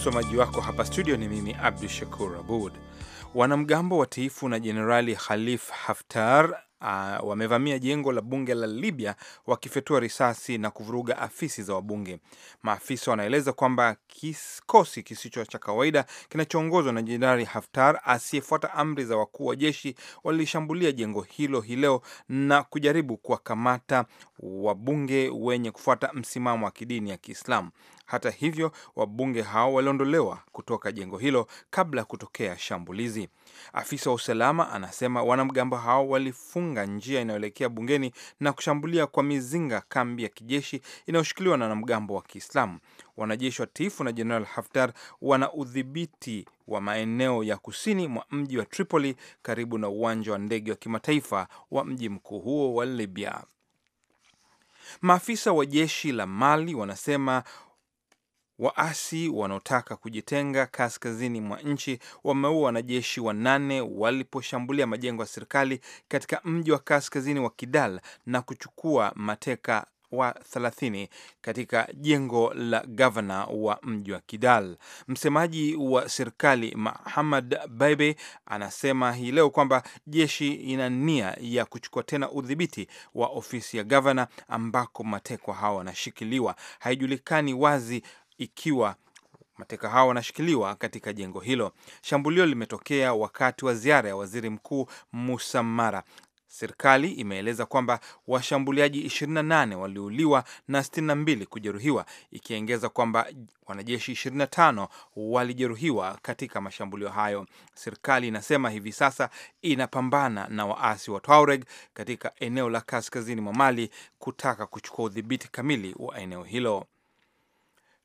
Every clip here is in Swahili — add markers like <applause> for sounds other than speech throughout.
Msomaji wako hapa studio ni mimi Abdu Shakur Abud. Wanamgambo watiifu na Jenerali Khalif Haftar Uh, wamevamia jengo la bunge la Libya wakifyatua risasi na kuvuruga afisi za wabunge. Maafisa wanaeleza kwamba kikosi kisicho cha kawaida kinachoongozwa na Jenerali Haftar asiyefuata amri za wakuu wa jeshi walishambulia jengo hilo hii leo na kujaribu kuwakamata wabunge wenye kufuata msimamo wa kidini ya Kiislamu. Hata hivyo, wabunge hao waliondolewa kutoka jengo hilo kabla ya kutokea shambulizi. Afisa wa usalama anasema wanamgambo hao walifunga njia inayoelekea bungeni na kushambulia kwa mizinga kambi ya kijeshi inayoshikiliwa na wanamgambo wa Kiislamu. Wanajeshi wa tifu na Jeneral Haftar wana udhibiti wa maeneo ya kusini mwa mji wa Tripoli karibu na uwanja wa ndege wa kimataifa wa mji mkuu huo wa Libya. Maafisa wa jeshi la Mali wanasema Waasi wanaotaka kujitenga kaskazini mwa nchi wameua wanajeshi wanane waliposhambulia majengo ya serikali katika mji wa kaskazini wa Kidal na kuchukua mateka wa 30 katika jengo la gavana wa mji wa Kidal. Msemaji wa serikali Mahamad Baibe anasema hii leo kwamba jeshi ina nia ya kuchukua tena udhibiti wa ofisi ya gavana ambako matekwa hawa wanashikiliwa. Haijulikani wazi ikiwa mateka hao wanashikiliwa katika jengo hilo. Shambulio limetokea wakati wa ziara ya waziri mkuu Musa Mara. Serikali imeeleza kwamba washambuliaji 28 waliuliwa na 62 kujeruhiwa, ikiongeza kwamba wanajeshi 25 walijeruhiwa katika mashambulio hayo. Serikali inasema hivi sasa inapambana na waasi wa Tuareg katika eneo la kaskazini mwa Mali kutaka kuchukua udhibiti kamili wa eneo hilo.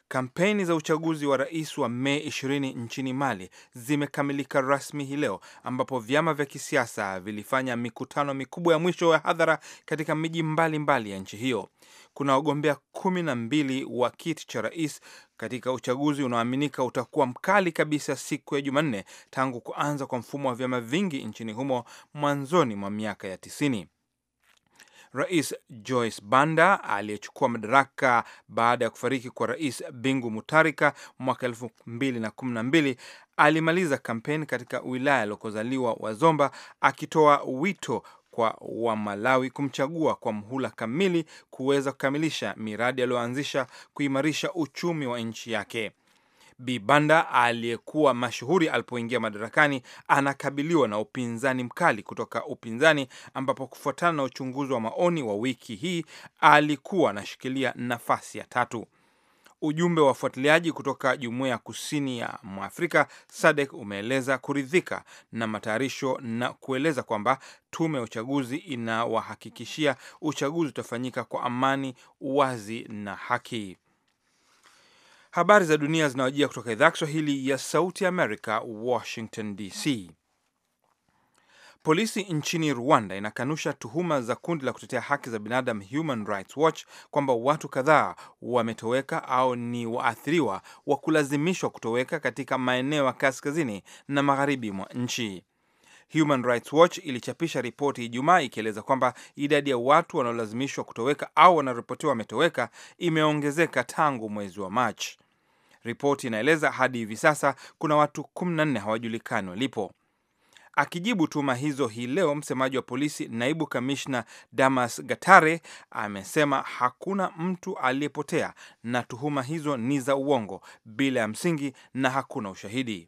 Kampeni za uchaguzi wa rais wa Mei ishirini nchini Mali zimekamilika rasmi hii leo, ambapo vyama vya kisiasa vilifanya mikutano mikubwa ya mwisho ya hadhara katika miji mbalimbali ya nchi hiyo. Kuna wagombea kumi na mbili wa kiti cha rais katika uchaguzi unaoaminika utakuwa mkali kabisa siku ya Jumanne tangu kuanza kwa mfumo wa vyama vingi nchini humo mwanzoni mwa miaka ya tisini. Rais Joyce Banda aliyechukua madaraka baada ya kufariki kwa Rais Bingu Mutarika mwaka elfu mbili na kumi na mbili alimaliza kampeni katika wilaya aliokozaliwa Wazomba, akitoa wito kwa Wamalawi kumchagua kwa mhula kamili kuweza kukamilisha miradi aliyoanzisha kuimarisha uchumi wa nchi yake. Bibanda aliyekuwa mashuhuri alipoingia madarakani anakabiliwa na upinzani mkali kutoka upinzani, ambapo kufuatana na uchunguzi wa maoni wa wiki hii alikuwa anashikilia nafasi ya tatu. Ujumbe wa wafuatiliaji kutoka jumuiya ya kusini ya Mwafrika SADC umeeleza kuridhika na matayarisho na kueleza kwamba tume ya uchaguzi inawahakikishia uchaguzi utafanyika kwa amani, uwazi na haki. Habari za dunia zinawajia kutoka idhaa Kiswahili ya Sauti ya Amerika, Washington DC. Polisi nchini Rwanda inakanusha tuhuma za kundi la kutetea haki za binadamu Human Rights Watch kwamba watu kadhaa wametoweka au ni waathiriwa wa kulazimishwa kutoweka katika maeneo ya kaskazini na magharibi mwa nchi. Human Rights Watch ilichapisha ripoti Ijumaa ikieleza kwamba idadi ya watu wanaolazimishwa kutoweka au wanaripotiwa wametoweka imeongezeka tangu mwezi wa Machi. Ripoti inaeleza hadi hivi sasa kuna watu 14 hawajulikani walipo. Akijibu tuhuma hizo hii leo, msemaji wa polisi naibu kamishna Damas Gatare amesema hakuna mtu aliyepotea na tuhuma hizo ni za uongo, bila ya msingi na hakuna ushahidi.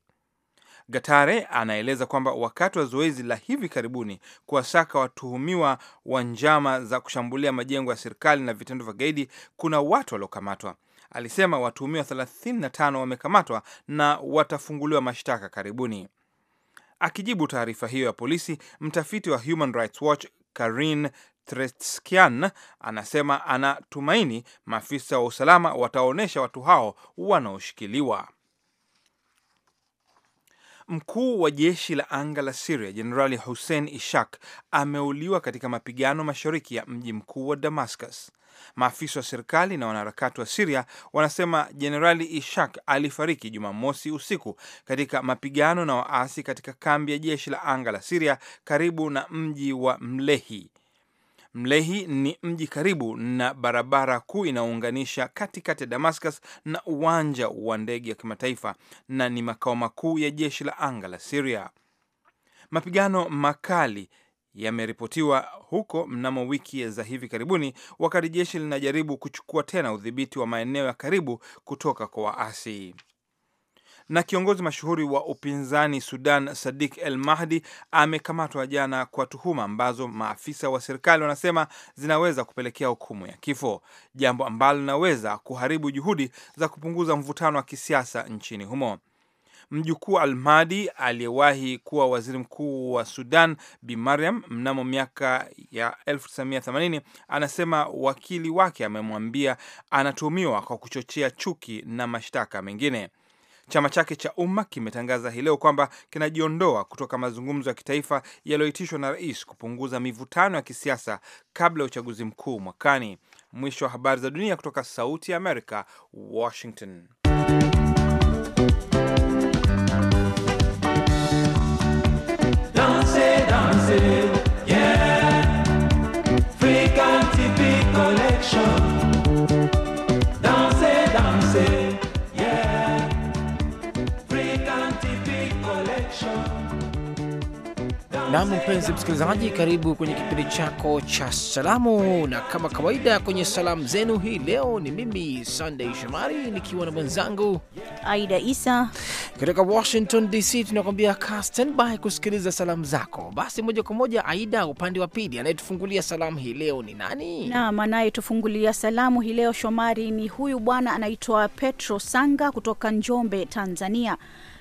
Gatare anaeleza kwamba wakati wa zoezi la hivi karibuni kuwasaka watuhumiwa wa njama za kushambulia majengo ya serikali na vitendo vya gaidi, kuna watu waliokamatwa alisema watuhumiwa 35 wamekamatwa na watafunguliwa mashtaka karibuni. Akijibu taarifa hiyo ya polisi, mtafiti wa Human Rights Watch Karin Tretskian anasema anatumaini maafisa wa usalama wataonyesha watu hao wanaoshikiliwa Mkuu wa jeshi la anga la Siria Jenerali Hussein Ishak ameuliwa katika mapigano mashariki ya mji mkuu wa Damascus. Maafisa wa serikali na wanaharakati wa Siria wanasema Jenerali Ishak alifariki Jumamosi usiku katika mapigano na waasi katika kambi ya jeshi la anga la Siria karibu na mji wa Mlehi. Mlehi ni mji karibu na barabara kuu inaounganisha katikati ya Damascus na uwanja wa ndege wa kimataifa na ni makao makuu ya jeshi la anga la Siria. Mapigano makali yameripotiwa huko mnamo wiki za hivi karibuni, wakati jeshi linajaribu kuchukua tena udhibiti wa maeneo ya karibu kutoka kwa waasi. Na kiongozi mashuhuri wa upinzani Sudan, Sadik El Mahdi, amekamatwa jana kwa tuhuma ambazo maafisa wa serikali wanasema zinaweza kupelekea hukumu ya kifo, jambo ambalo linaweza kuharibu juhudi za kupunguza mvutano wa kisiasa nchini humo. Mjukuu Almadi aliyewahi kuwa waziri mkuu wa Sudan Bi Mariam mnamo miaka ya 1980 anasema wakili wake amemwambia anatuhumiwa kwa kuchochea chuki na mashtaka mengine. Chama chake cha Umma kimetangaza hii leo kwamba kinajiondoa kutoka mazungumzo ya kitaifa yaliyoitishwa na rais kupunguza mivutano ya kisiasa kabla ya uchaguzi mkuu mwakani. Mwisho wa habari za dunia kutoka Sauti ya Amerika, Washington. Nam, mpenzi msikilizaji, karibu kwenye kipindi chako cha salamu, na kama kawaida kwenye salamu zenu hii leo ni mimi Sunday Shomari nikiwa na mwenzangu Aida Isa kutoka Washington DC. tunakuambia ka standby kusikiliza salamu zako. Basi moja kwa moja, Aida, upande wa pili anayetufungulia salamu hii leo ni nani? Nam, anayetufungulia salamu hii leo Shomari ni huyu bwana anaitwa Petro Sanga kutoka Njombe, Tanzania.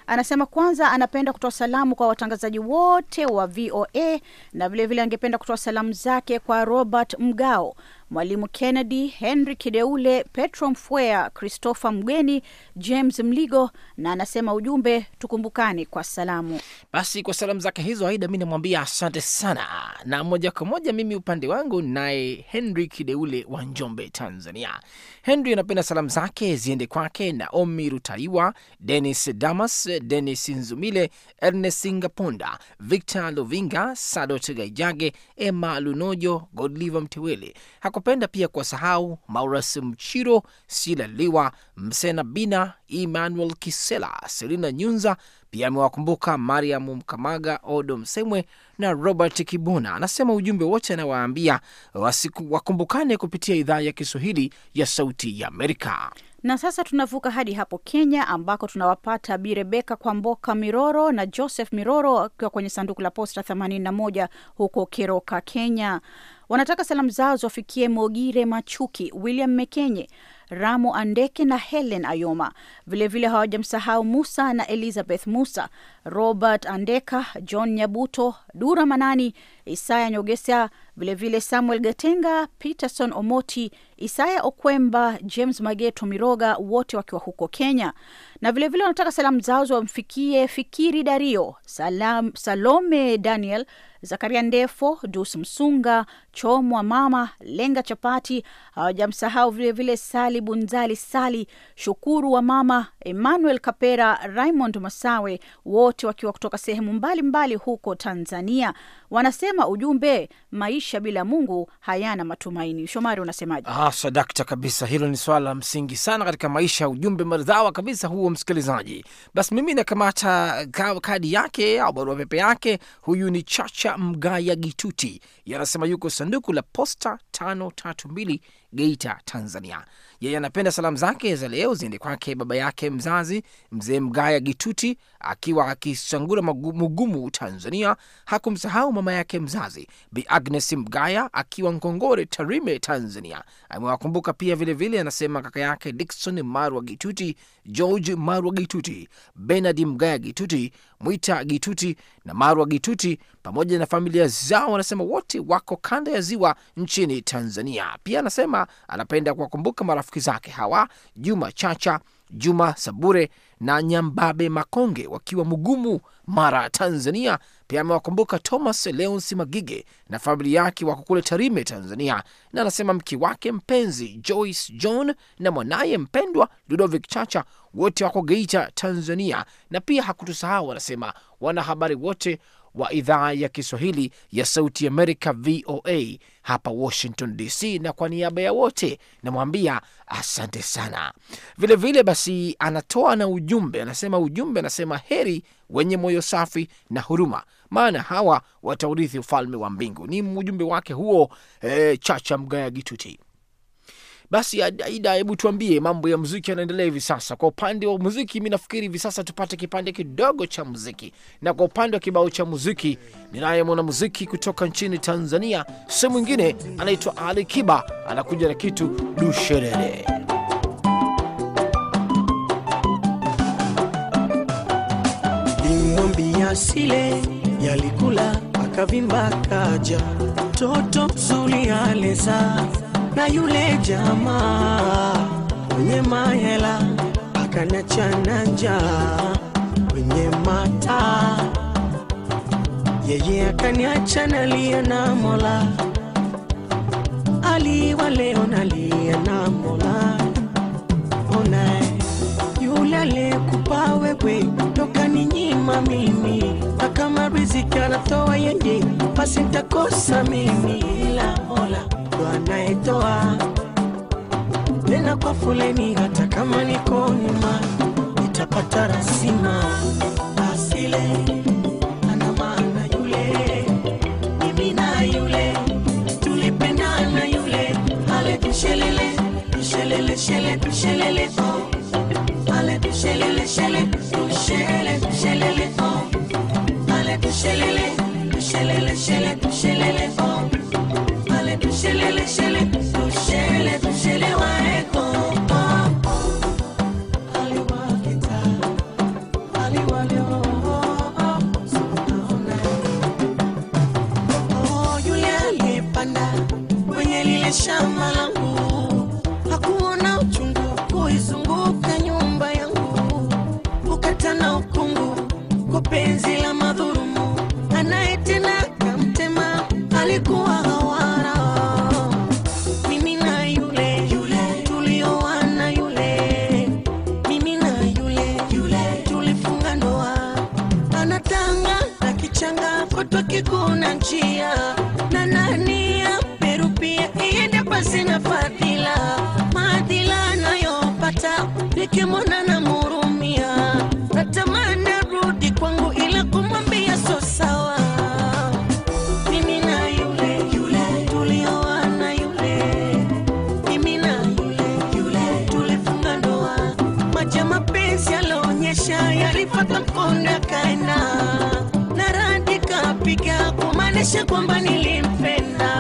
Anasema kwanza anapenda kutoa salamu kwa watangazaji wote wa VOA na vilevile angependa kutoa salamu zake kwa Robert Mgao Mwalimu Kennedy, Henry Kideule, Petro Mfwea, Christopher mgweni James Mligo, na anasema ujumbe tukumbukani kwa salamu. Basi kwa salamu zake hizo, Aida, mi namwambia asante sana, na moja kwa moja mimi upande wangu naye Henry Kideule wa Njombe, Tanzania. Henry anapenda salamu zake ziende kwake Naomi Rutaiwa, Denis Damas, Denis Nzumile, Ernest Singaponda, Victor lovinga Sadot Gaijage, Emma Lunojo, Godliva Mtewele kupenda pia kwa sahau Mauras Mchiro, Sila Liwa, Msena Bina, Emmanuel Kisela, Selina Nyunza. Pia amewakumbuka Mariamu Mkamaga, Odo Msemwe na Robert kibuna Anasema ujumbe wote anawaambia wakumbukane kupitia idhaa ya Kiswahili ya Sauti ya Amerika. Na sasa tunavuka hadi hapo Kenya, ambako tunawapata Bi Rebeka Kwamboka Miroro na Joseph Miroro akiwa kwenye sanduku la posta 81 huko Keroka, Kenya. Wanataka salamu zao zwafikie Mogire Machuki, William Mekenye, Ramo Andeke na Helen Ayoma. Vilevile hawajamsahau Musa na Elizabeth Musa, Robert Andeka, John Nyabuto, Dura Manani, Isaya Nyogesa, vilevile Samuel Gatenga, Peterson Omoti, Isaya Okwemba, James Mageto Miroga, wote wakiwa huko Kenya. Na vilevile wanataka salamu zao wamfikie Fikiri Dario, Salam, Salome Daniel Zakaria Ndefo, Dus Msunga, Chomwa Mama, Lenga Chapati, hawajamsahau vilevile Sali Bunzali, Sali Shukuru wa Mama, Emmanuel Kapera, Raymond Masawe, wote wakiwa kutoka sehemu mbalimbali huko Tanzania. Wanasema ujumbe, maisha bila Mungu hayana matumaini. Shomari, unasemaje? Haswa ah, dakta kabisa, hilo ni swala la msingi sana katika maisha, ya ujumbe maridhawa kabisa huo, msikilizaji. Basi mimi nakamata kadi yake au barua pepe yake. Huyu ni Chacha Mgaya Gituti yanasema yuko sanduku la posta 532 Geita, Tanzania. Yeye anapenda salamu zake za leo ziende kwake baba yake mzazi mzee Mgaya Gituti akiwa akisangura Mugumu, Tanzania. Hakumsahau mama yake mzazi Bi Agnes Mgaya akiwa Nkongore, Tarime, Tanzania. Amewakumbuka pia vilevile anasema kaka yake Dikson Marwa Gituti, George Marwa Gituti, Benard Mgaya Gituti, Mwita Gituti na Marwa Gituti pamoja na familia zao, anasema wote wako kanda ya ziwa nchini Tanzania. Pia anasema anasema anapenda kuwakumbuka marafiki zake hawa Juma Chacha, Juma Sabure na Nyambabe Makonge wakiwa mgumu Mara, Tanzania. Pia amewakumbuka Thomas Leonsi Magige na familia yake wako kule Tarime, Tanzania, na anasema mke wake mpenzi Joyce John na mwanaye mpendwa Ludovic Chacha wote wako Geita, Tanzania, na pia hakutusahau, anasema wanahabari wote wa idhaa ya Kiswahili ya Sauti Amerika, VOA hapa Washington DC, na kwa niaba ya wote namwambia asante sana. Vilevile vile basi, anatoa na ujumbe, anasema ujumbe, anasema heri wenye moyo safi na huruma, maana hawa wataurithi ufalme wa mbingu. Ni ujumbe wake huo, e, Chacha Mgaya Gituti. Basi Aida, hebu tuambie mambo ya muziki yanaendelea hivi sasa. Kwa upande wa muziki, mi nafikiri hivi sasa tupate kipande kidogo cha muziki, na kwa upande wa kibao cha muziki ninaye mwanamuziki kutoka nchini Tanzania, sehemu mwingine anaitwa Ali Kiba, anakuja na kitu dusherere Asile yalikula akavimba kaja toto mzuri aleza na yule jamaa mwenye mahela akaniachana njaa kwenye mata, yeye akaniacha nalia na Mola, aliwa leo nalia na Mola. Ona yule aliyekupa wewe kutoka ninyi kama mimi, na kama riziki anatoa yeye, basi nitakosa mimi, ila Mola ndo anayetoa tena kwa fuleni, hata kama niko nyuma nitapata rasima asile shelele shelele shelele shelele oh ale shelele shelele shelele shelele oh ale du shelele du shelele shele du shelele oh ale du shelele shele du shelele du shelele wa e kon kwamba nilimpenda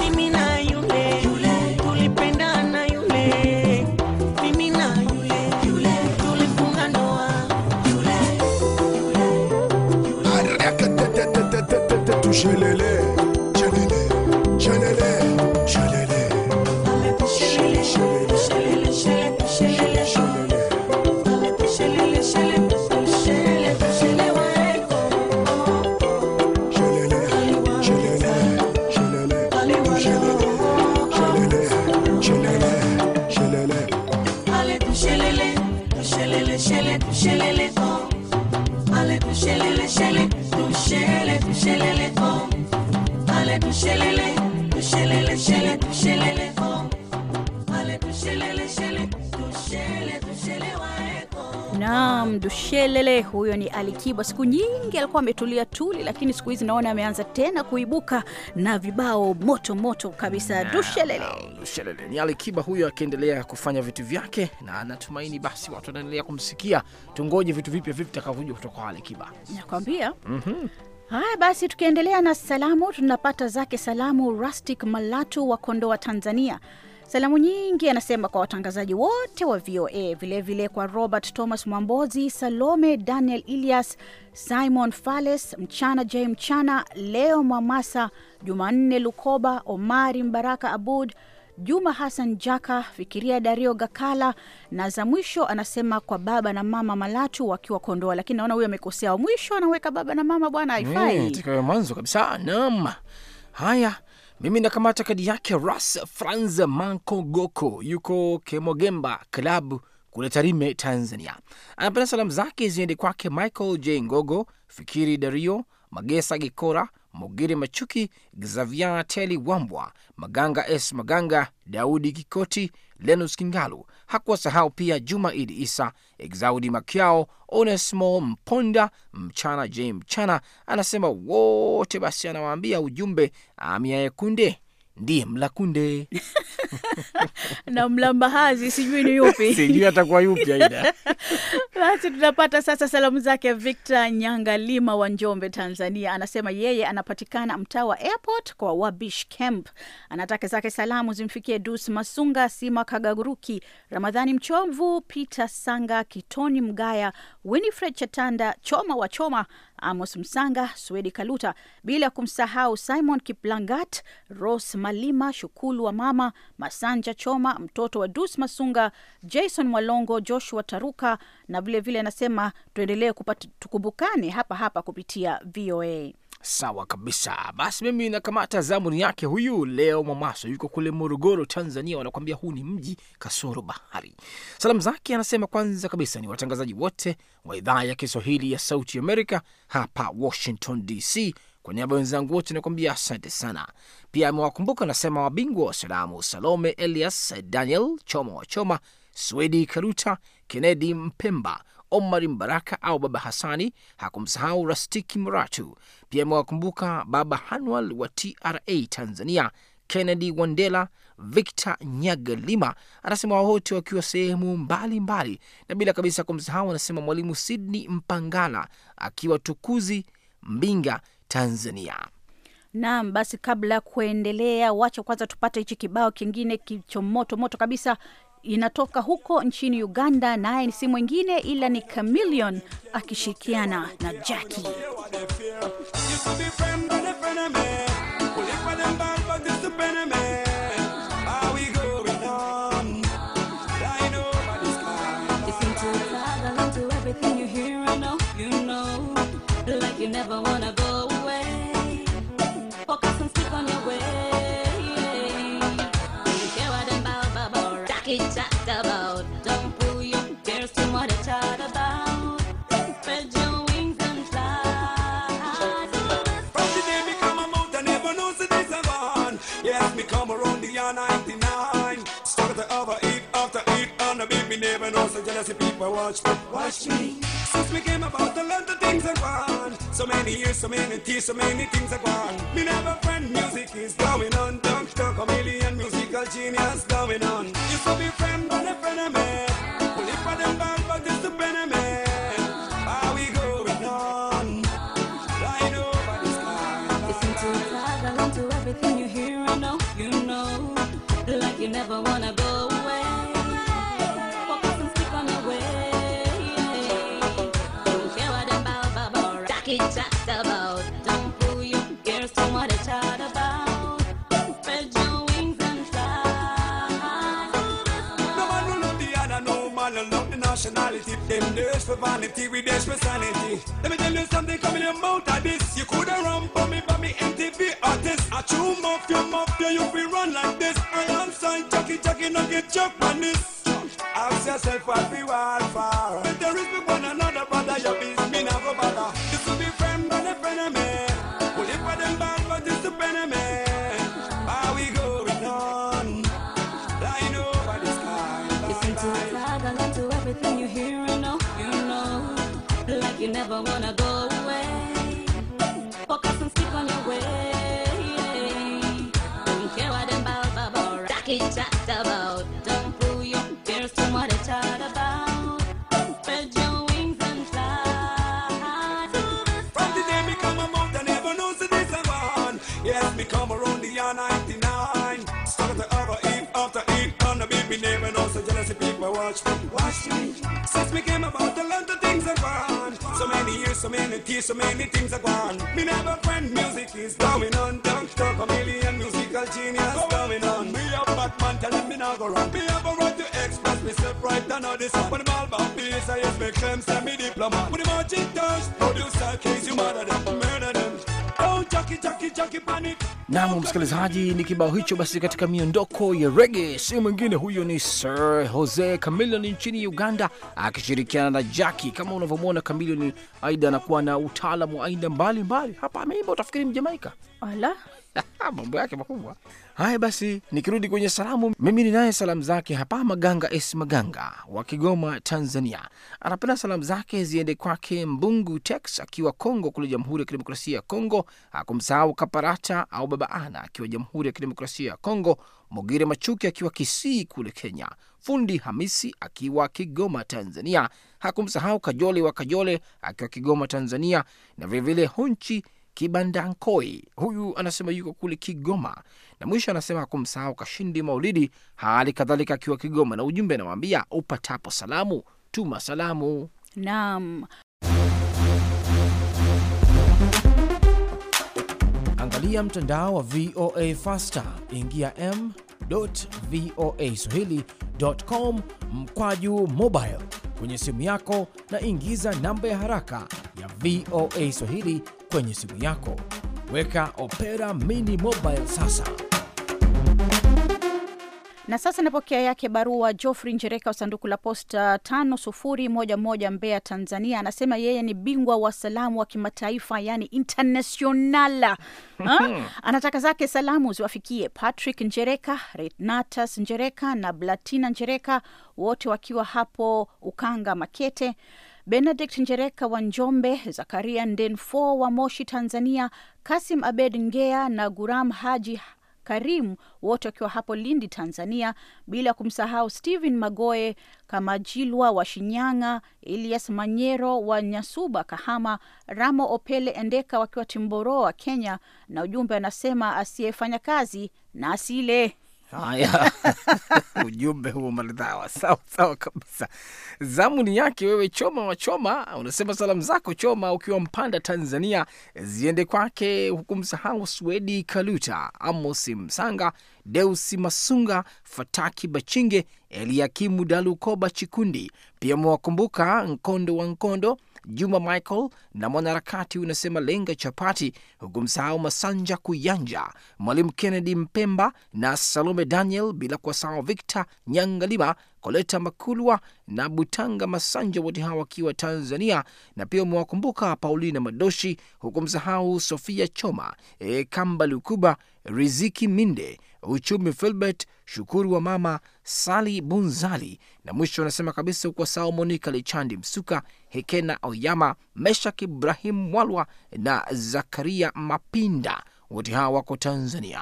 mimi na yule, yule tulipendana yule mimi na yule, yule tulifunga ndoa yule, yule, yule. Araka, tete, tete, tete, tushelele Ehe, huyo ni alikiba Siku nyingi alikuwa ametulia tuli, lakini siku hizi naona ameanza tena kuibuka na vibao moto moto kabisa. Dushelele, dushelele ni alikiba huyo, akiendelea kufanya vitu vyake, na anatumaini basi watu wanaendelea kumsikia. Tungoje vitu vipya vipi vitakavyokuja kutoka kwa nakwambia. mm-hmm. Haya basi, tukiendelea na salamu, tunapata zake salamu Rustic Malatu wa Kondoa, Tanzania. Salamu nyingi anasema kwa watangazaji wote wa VOA, vilevile kwa Robert Thomas Mwambozi, Salome Daniel, Elias Simon Fales, Mchana J Mchana, Leo Mwamasa, Jumanne Lukoba, Omari Mbaraka, Abud Juma Hassan Jaka, Fikiria Dario Gakala, na za mwisho anasema kwa baba na mama Malatu wakiwa Kondoa. Lakini naona huyo amekosea, mwisho anaweka baba na mama, bwana haifai. Mm, mwanzo kabisa. Naam, haya mimi nakamata kadi yake Ras Franz Goko, yuko Kemogemba Klabu kule Tarime, Tanzania. Anapenda salamu zake ziende kwake Michael J Ngogo, Fikiri Dario, Magesa Gikora, Mogere Machuki, Xavier Teli Wambwa, Maganga S Maganga, Daudi Kikoti, Lenus Kingalu. Hakuwasahau pia Juma Idi Isa, Exaudi Makiao, Onesmo Mponda, Mchana J Mchana. Anasema wote basi, anawaambia ujumbe Amia Yekunde ndiye Mlakunde <laughs> na Mlambahazi sijui ni yupi <laughs> sijui atakuwa yupi aida. <laughs> Basi tunapata sasa salamu zake Victor Nyangalima wa Njombe, Tanzania. Anasema yeye anapatikana mtaa wa airport kwa Wabish Camp. Anataka zake salamu zimfikie Dus Masunga, Sima Kagaruki, Ramadhani Mchomvu, Peter Sanga, Kitoni Mgaya, Winifred Chatanda, Choma wa Choma, Amos Msanga, Swedi Kaluta, bila kumsahau Simon Kiplangat, ros Malima, Shukulu wa Mama Masanja Choma, mtoto wa Dus Masunga, Jason Mwalongo, Joshua Taruka, na vilevile anasema tuendelee tukumbukane hapa hapa kupitia VOA. Sawa kabisa. Basi mimi nakamata zamuni yake huyu leo. Mwamaso yuko kule Morogoro, Tanzania, wanakuambia huu ni mji kasoro bahari. Salamu zake anasema kwanza kabisa ni watangazaji wote wa idhaa ya Kiswahili ya Sauti Amerika hapa Washington DC. Kwa niaba ya wenzangu wote nakuambia asante sana. Pia amewakumbuka anasema wabingwa wa salamu, Salome Elias, Daniel Choma wa Choma, Swedi Karuta, Kennedi Mpemba Omar Mbaraka au Baba Hasani. Hakumsahau Rastiki Muratu. Pia amewakumbuka Baba Hanwal wa TRA Tanzania, Kennedy Wandela, Victor Nyagalima, anasema wote wakiwa sehemu mbalimbali, na bila kabisa kumsahau, anasema Mwalimu Sidney Mpangala akiwa Tukuzi, Mbinga, Tanzania. Naam, basi kabla ya kuendelea, wacha kwanza tupate hichi kibao kingine kicho moto moto kabisa inatoka huko nchini Uganda, naye si mwingine ila ni camilion akishirikiana na Jackie. Cause the people watch me, watch me. Since we came about to learn the things I want. So many years, so many tears, so many things I gone. Me never friend, music is going on. Don't talk a million musical genius going on. Used to be friend, but a friend I met. for vanity, we dash for sanity. Let me tell you something coming out of this. You coulda run for me, but me MTV artist. I chew mafia, mafia, you be run like this. Alongside Chucky, Chucky, no get chucked on this. Ask yourself what we want for. If there is one another brother, your business me never bother. This will be friend, but a friend of me. We live for them bad, but it's the enemy. How we going on? Flying over the sky. Listen to the flag, I love to everything you hear and you never wanna go away. Focus and stick on your way. Don't care what them about, about, rocky chat about. Don't pull your fears to what they chat about. Spread your wings and fly. From the day become a month, I never know the this one. Yes, come around the year 99. Start the hour, eve after eve. On the baby me name and also jealousy people watch me. Watch me. Since we came about the land things are gone. So many years, so many tears, so many things are gone. Me never friend, music is going on. Don't talk a million musical genius going on. Me a Batman, tell me not go wrong. Me have a right to express myself right and all this. When I'm all about peace, I use my claims and me diplomat. With the magic touch, producer, case you murder them, murder them. Don't oh, jockey, jockey, jockey, panic. Nam msikilizaji, ni kibao hicho basi. Katika miondoko ya rege, si mwingine huyo ni Sir Jose Camilion nchini Uganda akishirikiana na jaki Kama unavyomwona Camilion, aida anakuwa na utaalamu wa aina mbalimbali. Hapa ameimba utafikiri Mjamaika. Ala. <laughs> mambo yake makubwa haya. Basi nikirudi kwenye salamu, mimi ninaye salamu zake hapa Maganga S Maganga wa Kigoma, Tanzania. Anapenda salamu zake ziende kwake Mbungu Tex akiwa Kongo kule Jamhuri ya Kidemokrasia ya Kongo, hakumsahau Kaparata au Baba Ana akiwa Jamhuri ya Kidemokrasia ya Kongo, Mogire Machuki akiwa Kisii kule Kenya, Fundi Hamisi akiwa Kigoma, Tanzania, hakumsahau Kajole wa Kajole akiwa Kigoma, Tanzania, na vilevile Hunchi Kibandankoi, huyu anasema yuko kule Kigoma, na mwisho anasema kumsahau Kashindi Maulidi hali kadhalika akiwa Kigoma, na ujumbe anawaambia upatapo salamu tuma salamu. Naam. Angalia mtandao wa VOA Fasta, ingia m.voaswahili.com mkwaju mobile kwenye simu yako na ingiza namba ya haraka ya VOA Swahili kwenye simu yako. Weka Opera Mini Mobile sasa. Na sasa napokea yake barua Geoffrey Njereka wa sanduku la posta 5011 sufuri Mbeya, Tanzania. Anasema yeye ni bingwa wa salamu wa kimataifa, yani internationala. <laughs> Anataka zake salamu ziwafikie Patrick Njereka, renatas Njereka na Blatina Njereka, wote wakiwa hapo Ukanga Makete. Benedict Njereka wa Njombe, Zakaria Ndenfo wa Moshi, Tanzania, Kasim Abed Ngea na Guram Haji Karimu, wote wakiwa hapo Lindi, Tanzania, bila kumsahau Stephen Magoe Kamajilwa wa Shinyanga, Elias Manyero wa Nyasuba, Kahama, Ramo Opele Endeka wakiwa Timboroa, Kenya, na ujumbe anasema asiyefanya kazi na asile. Haya, <laughs> ujumbe huo maridhawa, sawa sawa kabisa. Zamu ni yake wewe, Choma wa Choma, unasema salamu zako Choma ukiwa Mpanda, Tanzania, ziende kwake huku, msahau Swedi Kaluta, Amosi Msanga, Deusi Masunga, Fataki Bachinge, Eliakimu Dalukoba Chikundi, pia mwakumbuka Nkondo wa Nkondo Juma Michael na mwanaharakati unasema lenga chapati, huku msahau Masanja Kuyanja, Mwalimu Kennedy Mpemba na Salome Daniel, bila kuwasahau Victor Nyangalima, Koleta Makulwa na Butanga Masanja, wote hawa wakiwa Tanzania, na pia umewakumbuka Paulina Madoshi, huku msahau Sofia Choma, e, Kamba Lukuba, Riziki Minde uchumi Filbert Shukuru wa mama Sali Bunzali, na mwisho anasema kabisa huko sao Monika Lichandi Msuka, Hekena Oyama, Meshak Ibrahim Mwalwa na Zakaria Mapinda, wote hawa wako Tanzania.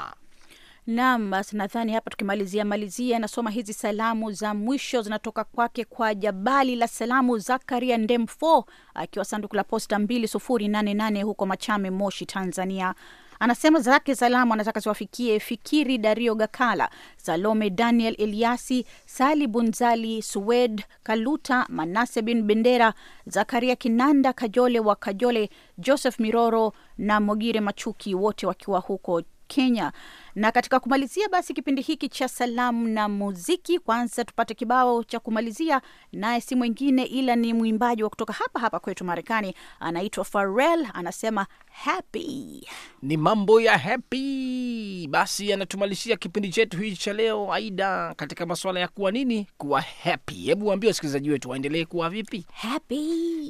Naam, basi nadhani hapa tukimalizia malizia, nasoma hizi salamu za mwisho zinatoka kwake kwa jabali la salamu Zakaria Ndemfo akiwa sanduku la posta 2088 huko Machame, Moshi, Tanzania. Anasema zake salamu anataka ziwafikie Fikiri Dario Gakala, Salome Daniel Eliasi, Sali Bunzali, Suwed Kaluta, Manase bin Bendera, Zakaria Kinanda, Kajole wa Kajole, Joseph Miroro na Mogire Machuki, wote wakiwa huko Kenya. Na katika kumalizia basi kipindi hiki cha salamu na muziki, kwanza tupate kibao cha kumalizia, naye si mwingine ila ni mwimbaji wa kutoka hapa hapa kwetu Marekani, anaitwa Pharrell, anasema happy. Ni mambo ya happy. Basi anatumalishia kipindi chetu hichi cha leo, Aida, katika masuala ya kuwa nini, kuwa happy. Hebu waambie wasikilizaji wetu waendelee kuwa vipi happy.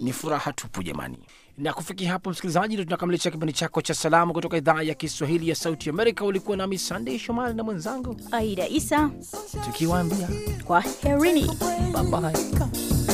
Ni furaha tupu jamani. Na kufikia hapo, msikilizaji, ndo tunakamilisha kipindi chako cha salamu kutoka idhaa ya Kiswahili ya Sauti Amerika. Ulikuwa nami Sandey Shomari na mwenzangu Aida Isa tukiwaambia kwa herini, bye bye.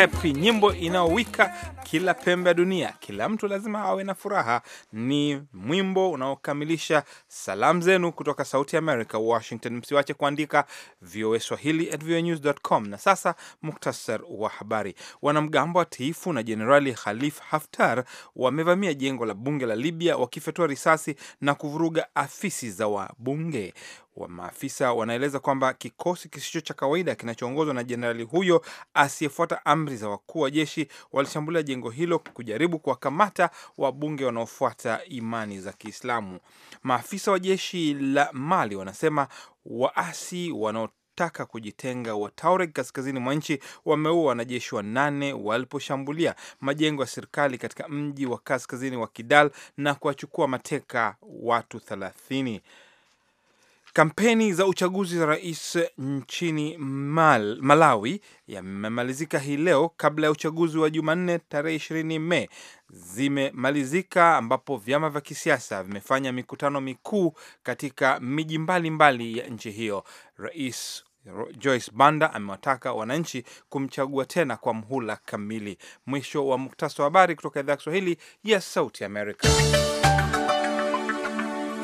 happy, nyimbo inayowika kila pembe ya dunia. Kila mtu lazima awe na furaha, ni mwimbo unaokamilisha salamu zenu kutoka Sauti America, Washington. Msiwache kuandika VOA Swahili at voanews.com. Na sasa muktasar wa habari. Wanamgambo wa tiifu na Jenerali Khalif Haftar wamevamia jengo la bunge la Libya wakifyatua risasi na kuvuruga afisi za wabunge wa maafisa wanaeleza kwamba kikosi kisicho cha kawaida kinachoongozwa na jenerali huyo asiyefuata amri za wakuu wa jeshi walishambulia jengo hilo kujaribu kuwakamata wabunge wanaofuata imani za Kiislamu. Maafisa wa jeshi la Mali wanasema waasi wanao taka kujitenga wa Tuareg kaskazini mwa nchi wameua wanajeshi wanane waliposhambulia majengo ya serikali katika mji wa kaskazini wa Kidal na kuwachukua mateka watu thelathini. Kampeni za uchaguzi za rais nchini Mal, Malawi yamemalizika hii leo kabla ya uchaguzi wa Jumanne tarehe 20 Mei zimemalizika, ambapo vyama vya kisiasa vimefanya mikutano mikuu katika miji mbalimbali ya nchi hiyo. Rais Joyce Banda amewataka wananchi kumchagua tena kwa mhula kamili. Mwisho wa muktasa wa habari kutoka idhaa ya Kiswahili ya Sauti Amerika.